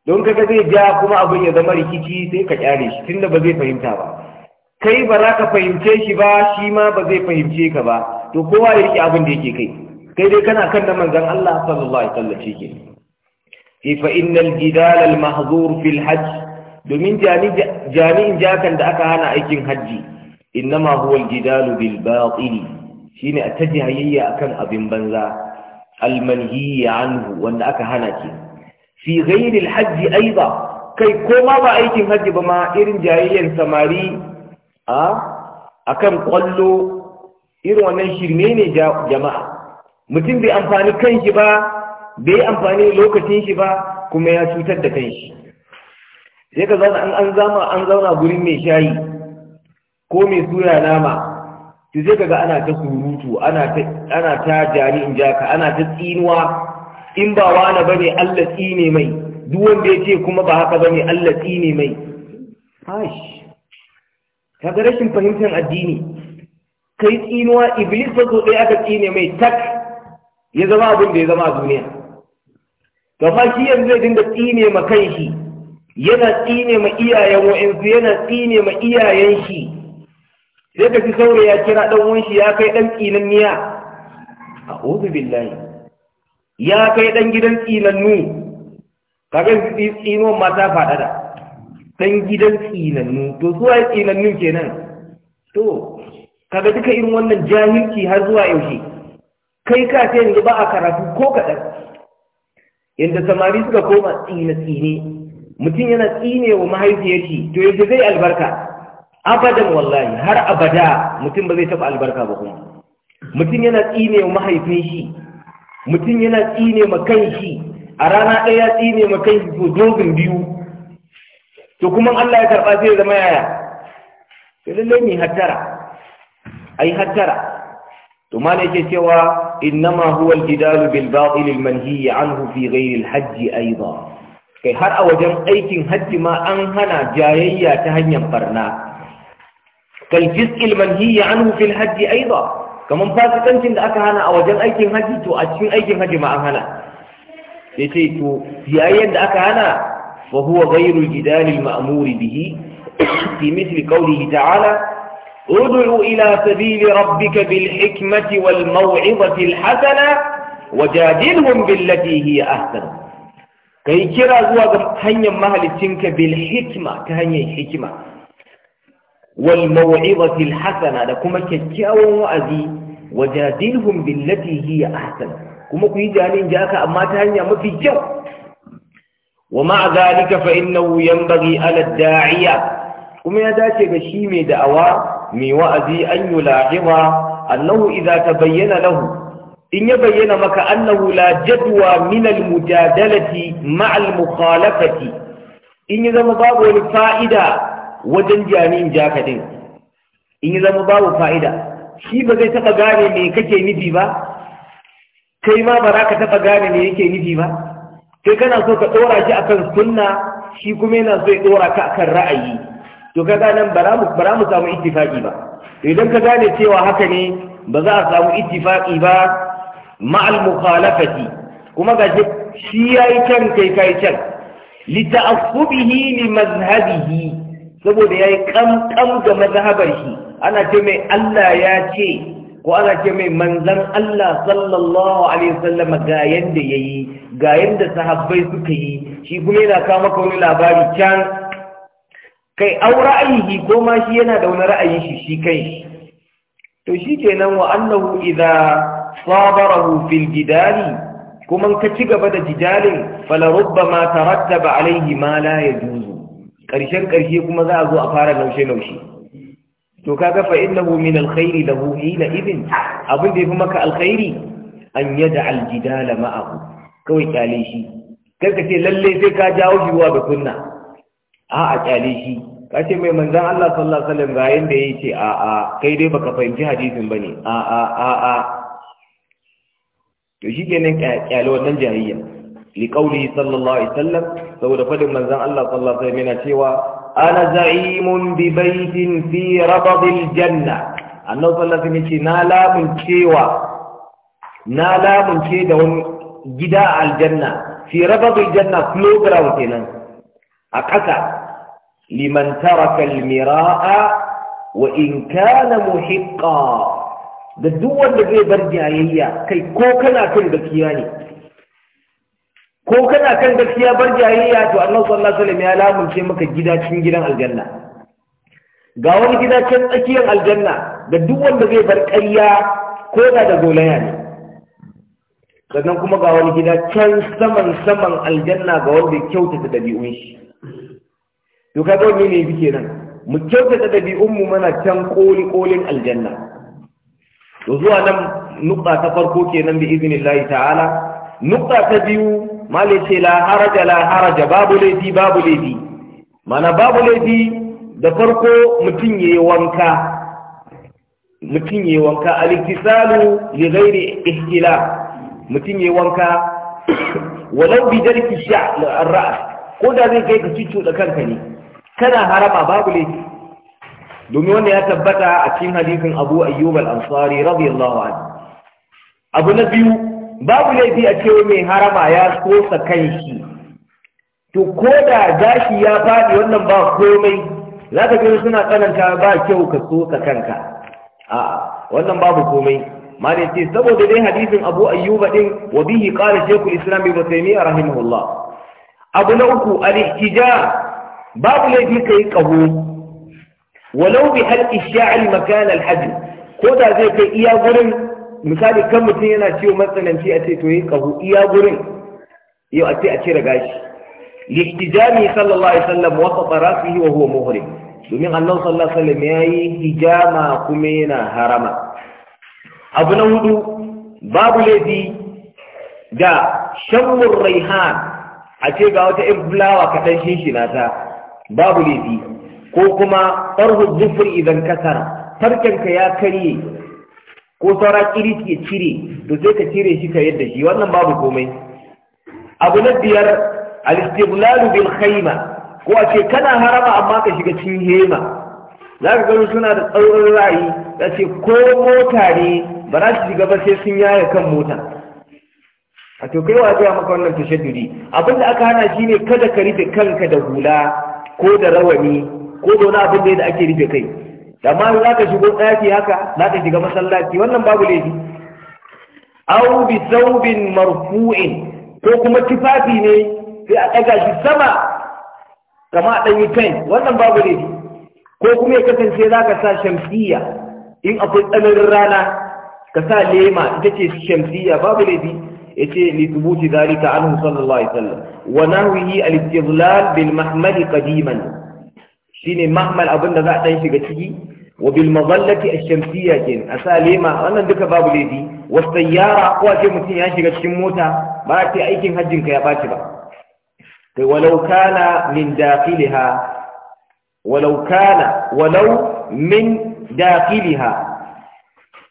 don kaga zai ja kuma abin ya zama rikici sai ka kyare shi tunda ba zai fahimta ba kai ba za ka fahimce shi ba shi ma ba zai fahimce ka ba to kowa ya rike abin da yake kai kai dai kana kan da manzon Allah sallallahu alaihi wasallam shi ke fi fa innal jidal al mahzur fil hajj domin jami'in jakan da aka hana aikin hajji innama huwa al jidal bil batil shine a tajihayya akan abin banza al manhi anhu wanda aka hana ki fi ghairi al hajj aidan kai ko ma ba aikin hajji ba ma irin jayayyan samari a akan kwallo irin wannan shirme ne jama'a mutum bai amfani kanshi ba bai amfani lokacin shi ba kuma ya cutar da kanshi sai ka zauna an zama an zauna gurin mai shayi ko mai suya nama to sai ka ga ana ta surutu ana ta jari in jaka ana ta tsinuwa in ba wani ne Allah tsine mai duk wanda ya ce kuma ba haka ba ne Allah tsine mai kaga rashin fahimtar addini kai tsinuwa iblis ba sosai aka tsine mai tak ya zama abin da ya zama a duniya to shi yanzu zai dinga tsine ma kan shi yana tsine ma iyayen wa'ansu yana tsine ma iyayen shi sai ka fi saurayi ya kira ɗan uwan shi ya kai ɗan tsinan niya a ozu billahi ya kai ɗan gidan tsinannu kaga tsinuwan mata faɗaɗa dan gidan tsinannu to su waye tsinannun kenan to kaga duka irin wannan jahilci har zuwa yaushe kai ka ce yanzu ba a karatu ko kaɗan yadda samari suka koma tsine-tsine mutum yana tsine wa shi to yanzu zai albarka abadan wallahi har abada mutum ba zai taba albarka ba kuma mutum yana tsine wa mahaifin shi mutum yana tsine ma kan shi a rana ɗaya tsine ma kan shi to dogin biyu to kuma Allah ya karɓa sai ya zama yaya sai lalle ne hattara ai hattara to malai yake cewa innama huwa al-jidalu bil batil al-manhi anhu fi ghayr al-hajj aidan kai har a wajen aikin hajji ma an hana jayayya ta hanyar farna. kal fisqil manhi anhu fi al-hajj aidan kaman fasikancin da aka hana a wajen aikin hajji to a cikin aikin hajji ma an hana Sai yace to yayin da aka hana وهو غير الجدال المأمور به في مثل قوله تعالى ادع إلى سبيل ربك بالحكمة والموعظة الحسنة وجادلهم بالتي هي أحسن كي كرا زواج هنيا مهل تنك بالحكمة كهنيا الحكمة والموعظة الحسنة لكم كتاو وأذي وجادلهم بالتي هي أحسن كما كي جالين جاكا أما تهنيا ما في جو wa ma zalika fa innahu yanbaghi ala da'iya kuma ya dace ga shi mai da'awa mai wa'azi an yulahima annahu idza bayyana lahu in ya bayyana maka annahu la jadwa min al mujadalati ma'a al mukhalafati in ya zama babu wani fa'ida wajen jami'in jakadin in ya zama babu fa'ida shi ba zai taba gane me kake nufi ba kai ma ba za ka taɓa gane me yake nufi ba kai kana so ka ɗora shi akan sunna shi kuma yana so ya ɗora ka akan ra'ayi to kaga nan ba za mu samu ittifaqi ba idan ka gane cewa haka ne ba za a samu ittifaqi ba ma'al mukhalafati kuma ga shi yayi can kai kai can lita'assubihi li mazhabihi saboda yayi kam kam ga mazhabar shi ana ce mai Allah ya ce ko ana ce mai manzan Allah sallallahu alaihi wasallam ga ya yayi ga yanda sahabbai suka yi shi kuma yana kawo maka wani labari can kai au ra'ayi ko ma shi yana da wani ra'ayi shi shi kai to shi kenan wa annahu idza sabarahu fil jidali kuma ka ci gaba da jidalin fala rubbama tarattaba alaihi ma la yajuzu karshen karshe kuma za a zo a fara laushe laushe to kaga fa innahu min alkhairi lahu hina ibin abin da ya fi maka alkhairi an yada aljidala ma'ahu kawai kyale shi kar ka ce lalle sai ka jawo shi zuwa ga sunna a'a kyale shi ka ce mai manzan Allah sallallahu alaihi wasallam ga yanda yace a'a kai dai baka fahimci hadisin ba bane a'a a'a to shi shikenan kyale wannan jahiliya li qawli sallallahu alaihi wasallam saboda fadin manzan Allah sallallahu alaihi wasallam yana cewa ana mun bi baitin fi rabadil janna annabi sallallahu alaihi wasallam na lamun cewa na lamun ce da wani gida a aljanna fi rabadil janna flow ground kenan a ƙasa liman taraka almira'a wa in kana muhiqqa da duk wanda zai bar jayayya kai ko kana kan gaskiya ne ko kana kan gaskiya bar jahiliya to annabi sallallahu alaihi wasallam ya lamunce maka gida cikin gidan aljanna ga wani gida can tsakiyar aljanna da duk wanda zai bar ƙarya ko da da golaya ne sannan kuma ga wani gida can saman saman aljanna ga wanda ya kyautata ɗabi'un shi to kaga wani ne yake nan, mu kyautata ɗabi'un mu mana can koli kolin aljanna to zuwa nan nukta ta farko kenan bi iznillahi ta'ala nukta ta biyu mali ce la haraja la haraja babu laifi babu laifi mana babu laifi da farko mutum yayi wanka mutum yayi wanka al-iktisalu li ghairi ihtilaf mutum yayi wanka *coughs* walau bi jarki sha' ar-ra's ko da zai kai ka cicu da kanka ne kana harama babu laifi domin wannan ya tabbata a cikin hadisin Abu Ayyub al-Ansari radiyallahu anhu abu na biyu babu laifi a cewa mai harama ya tsosa kan shi to ko da gashi ya faɗi wannan ba komai za ka gani suna tsananta ba kyau ka sosa kanka a wannan babu komai ce saboda dai hadisin abu ayyuba din wa bihi qala shaykhul islam ibn taymiyyah rahimahullah abu na uku al-ihtija babu laifi kai kaho walau bi halqi sha'r makan al-hajj ko da zai kai iya gurin misali kan mutum yana ciwo matsananci a ce to yi kahu iya gurin yau a ce a cire gashi lihtijami sallallahu alaihi wasallam wa qatarafihi wa huwa muhrim domin annabi sallallahu alaihi ya yayi hijama kuma yana harama abu na hudu babu laifi da shammur raihan a ce ga wata irin fulawa kaɗan shinshina ta babu laifi ko kuma farhu zufur idan kasara farkenka ya karye ko saura kiri ya cire to sai ka cire shi ka yadda shi wannan babu komai abu na biyar alistiblalu bil khayma ko a kana harama amma ka shiga cikin hema za ka gano suna da tsaurin ra'ayi za ce ko mota ne ba za su shiga ba sai sun yaya kan mota a to kai wa zuwa maka wannan tashaddudi abin da aka hana shine kada ka rufe kanka da hula ko da rawani ko da wani abin da ake rufe kai amma za ka shigo ɗaki haka za ka shiga masallaci wannan babu laifi au bi saubin marfu'in ko kuma tufafi ne sai a ɗaga shi sama kama a yi kai wannan babu laifi ko kuma ya kasance za ka sa shamsiyya in akwai tsananin rana ka sa lema ita ce shamsiyya babu laifi ya ce li tubuti zalika anhu sallallahu alaihi wasallam wa nahwihi al-istidlal bil mahmali qadiman shine mahmal abin da za a ɗan shiga ciki wa bil mazallati ash-shamsiyya kin asalima wannan duka babu laifi was sayyara ko ce mutum ya shiga cikin mota ba ta aikin hajjin ka ya baci ba kai walau kana min dakhiliha walau kana walau min dakhiliha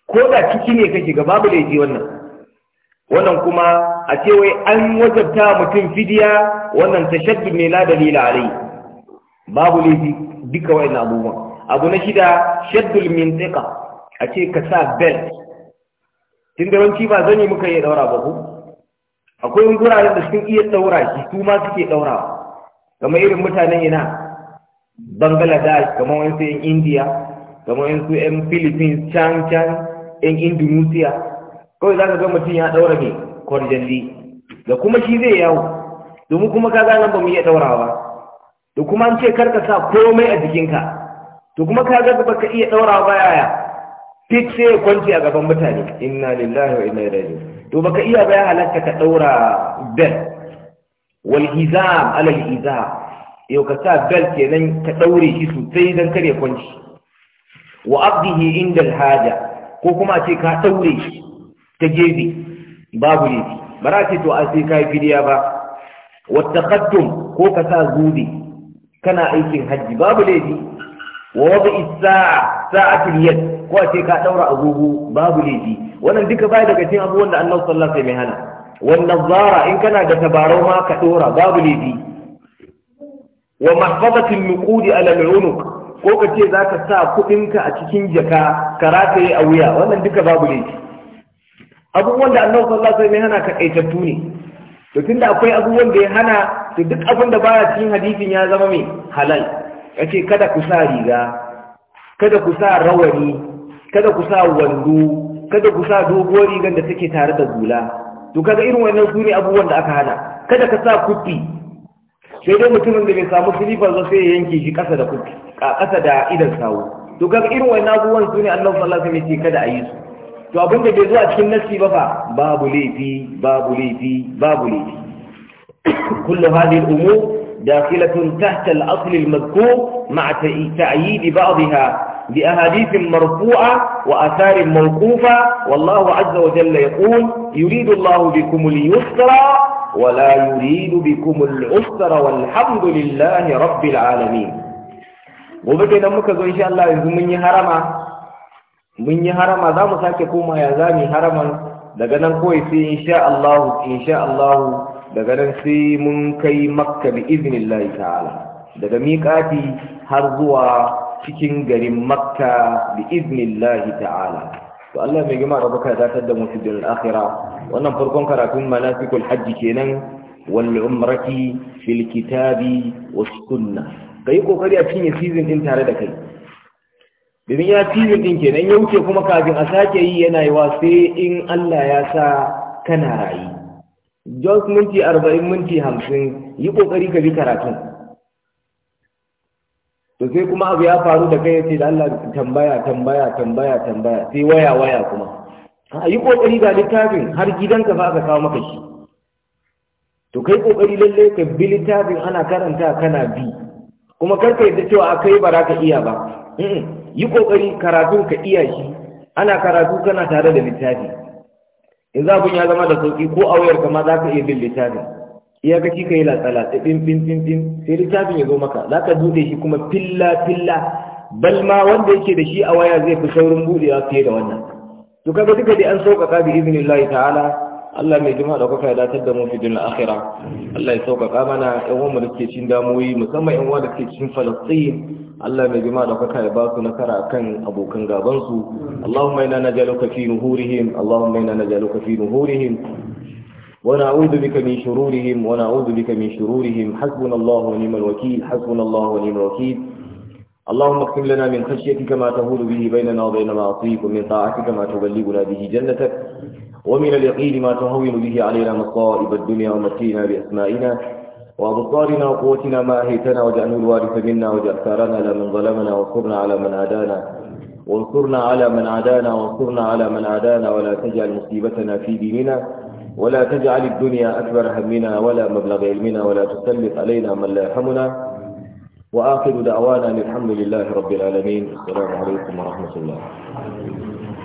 ko da ciki ne ka shiga babu laifi wannan wannan kuma a ce wai an wajabta mutum fidiya wannan tashaddud ne la dalila alai babu laifi duka wa'in abubuwa. abu na shida shaddul min tsika a ce ka sa belt tun da wanci ba zane muka iya daura ba ku akwai guraren da sun iya daura shi su ma suke daura kamar irin mutanen ina bangladesh kamar wani yan india kamar su yan philippines can can yan indonesia kawai za ka ga mutum ya daura ne kwarjalli da kuma shi zai yawo domin kuma ka gane ba mu iya daurawa da kuma an ce karka sa komai a jikinka to kuma ka ga baka iya daura ba yaya fit sai ya kwanci a gaban mutane inna lillahi wa inna ilaihi to baka iya ba ya halatta ka daura bel wal izam ala al izam yau ka sa bel kenan ka daure shi sosai dan kare kwanci wa abdihi inda al haja ko kuma ce ka daure shi ta gefe babu ne ba za ce to a sai ka yi fidiya ba wata ko ka sa zubi kana aikin hajji babu laifi wa wadi isa sa'atul yad ko a ce ka daura agogo babu laifi wannan duka bai daga cikin abubuwan da Allah sallallahu alaihi wasallam hana wannan zara in kana da tabarau ma ka daura babu laifi wa mahfazatul nuqud ala al'unuq ko ka ce zaka sa ka a cikin jaka ka rataye a wuya wannan duka babu laifi abubuwan da Allah sallallahu alaihi wasallam hana ka kaitattu ne to tunda akwai abubuwan da ya hana to duk abin da baya cikin hadisin ya zama mai halal yace kada ku sa riga kada ku sa rawani kada ku sa wando kada ku sa doguwar rigar da take tare da gula. to kaga irin wannan su ne abubuwan da aka hana kada ka sa kufi sai dai mutumin da bai samu silifar zai sai ya yanke shi kasa da kuffi a kasa da idan sawu to kaga irin wannan abubuwan su ne Allah sallallahu alaihi wasallam ya ce kada a yi su to abin da bai zuwa cikin nassi ba fa babu laifi babu laifi babu laifi kullu hadhihi al-umur dakhilatun tahtal asli asl al-madhkur ma'a ta'yid ba'dihha bi ahadith marfu'a wa asarin mawqufa wallahu 'azza wa jalla yaqul yuridu Allahu bikum al-yusra wa yuridu bikum al-usra walhamdu lillahi rabbil gobe kenan muka zo insha Allah yanzu mun yi harama mun yi harama za mu sake koma ya za mu haraman daga nan kawai sai insha Allah insha Allah daga nan sai mun kai makka bi iznillahi ta'ala daga miƙati har zuwa cikin garin makka bi iznillahi ta'ala to Allah mai gima rabaka da tada mu fidil akhirah wannan farkon karatun manasikul hajji kenan wal umrati fil kitabi was sunnah kai kokari a cikin season din tare da kai domin ya period din kenan ya wuce kuma kafin a sake yi yana yiwa sai in Allah ya sa kana rayu. just minti arba'in minti hamsin yi kokari ka bi karatun to sai kuma abu ya faru da kai ya ce da Allah tambaya tambaya tambaya tambaya sai waya waya kuma a yi ƙoƙari ga littafin har gidanka ba aka kawo maka shi to kai ƙoƙari lalle ka bi littafin ana karanta kana bi kuma karka yadda cewa a kai ba za ka iya ba yi kokari karatu ka iya shi ana karatu kana tare da littafi in za ya zama da sauki ko a wayar kama za ka iya bin littafin iya ka yi latsala ta ɗin ɗin sai littafin ya zo maka za ka buɗe shi kuma filla filla bal wanda yake da shi a waya zai fi saurin buɗewa fiye da wannan to kaga duka dai an sauƙaƙa bi lahi ta'ala Allah mai jima da kuka ya datar da mu fi dunya akhira Allah ya sauƙaƙa mana ƴan uwan da suke cin damuwoyi musamman ƴan uwan da suke cin Falastin Allah mai jima da kuka ba su nasara kan abokan gaban su Allahumma inna najaluka fi nuhurihim Allahumma inna najaluka fi nuhurihim wa na'udhu bika min shururihim wa na'udhu bika min shururihim hasbunallahu wa ni'mal wakeel hasbunallahu wa ni'mal wakeel اللهم اكتب لنا من خشيتك ما تهول به بيننا وبين معصيك ومن طاعتك ما تبلغنا به جنتك ومن اليقين ما تهول به علينا مصائب الدنيا ومتينا بأسمائنا وأبطالنا وقوتنا ما أهيتنا واجعله الوارث منا واجعل ثارنا على من ظلمنا وانصرنا على من عادانا وانصرنا على من عادانا وانصرنا على من عادانا ولا تجعل مصيبتنا في ديننا ولا تجعل الدنيا أكبر همنا ولا مبلغ علمنا ولا تسلط علينا من لا يرحمنا وآخر دعوانا الحمد لله رب العالمين السلام عليكم ورحمة الله